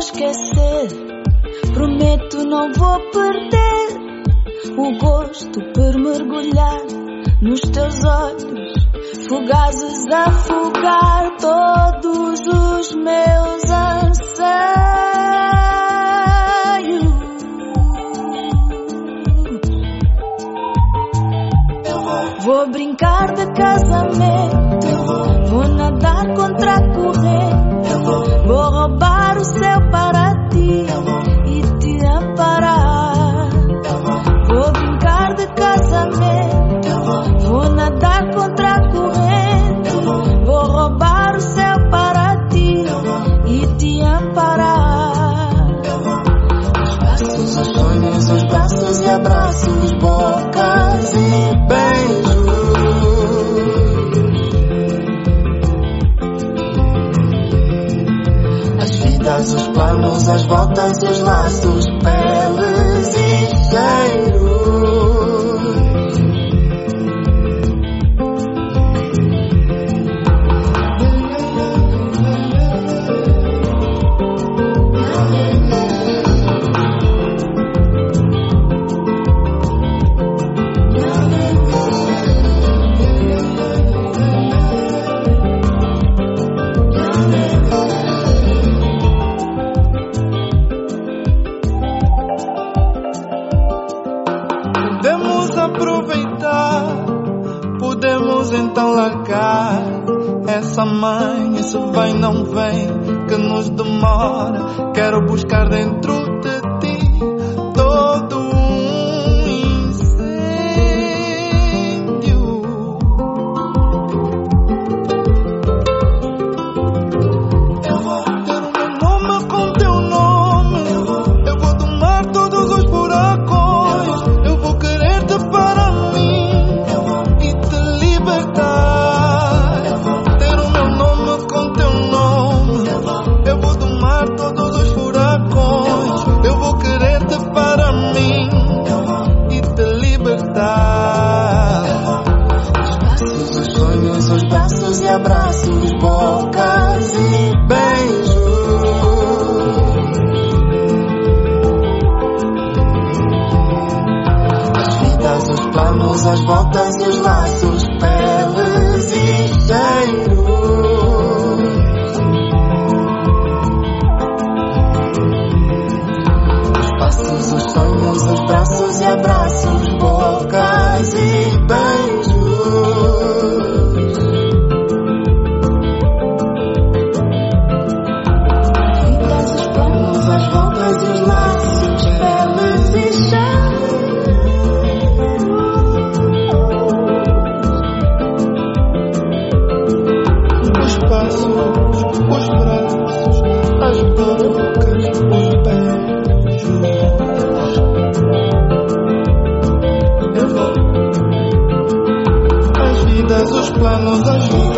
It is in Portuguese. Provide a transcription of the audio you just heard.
esquecer. Prometo, não vou perder o gosto por mergulhar nos teus olhos, fugazes a fugar todos os meus anseios. Vou brincar de casamento, vou nadar contra a corrente vou, vou roubar o céu para ti. Eu vou, Vamos às voltas dos laços, pele aproveitar, podemos então largar essa mãe, isso vai não vem, que nos demora. Quero buscar dentro de todo abraços. os planos hoje.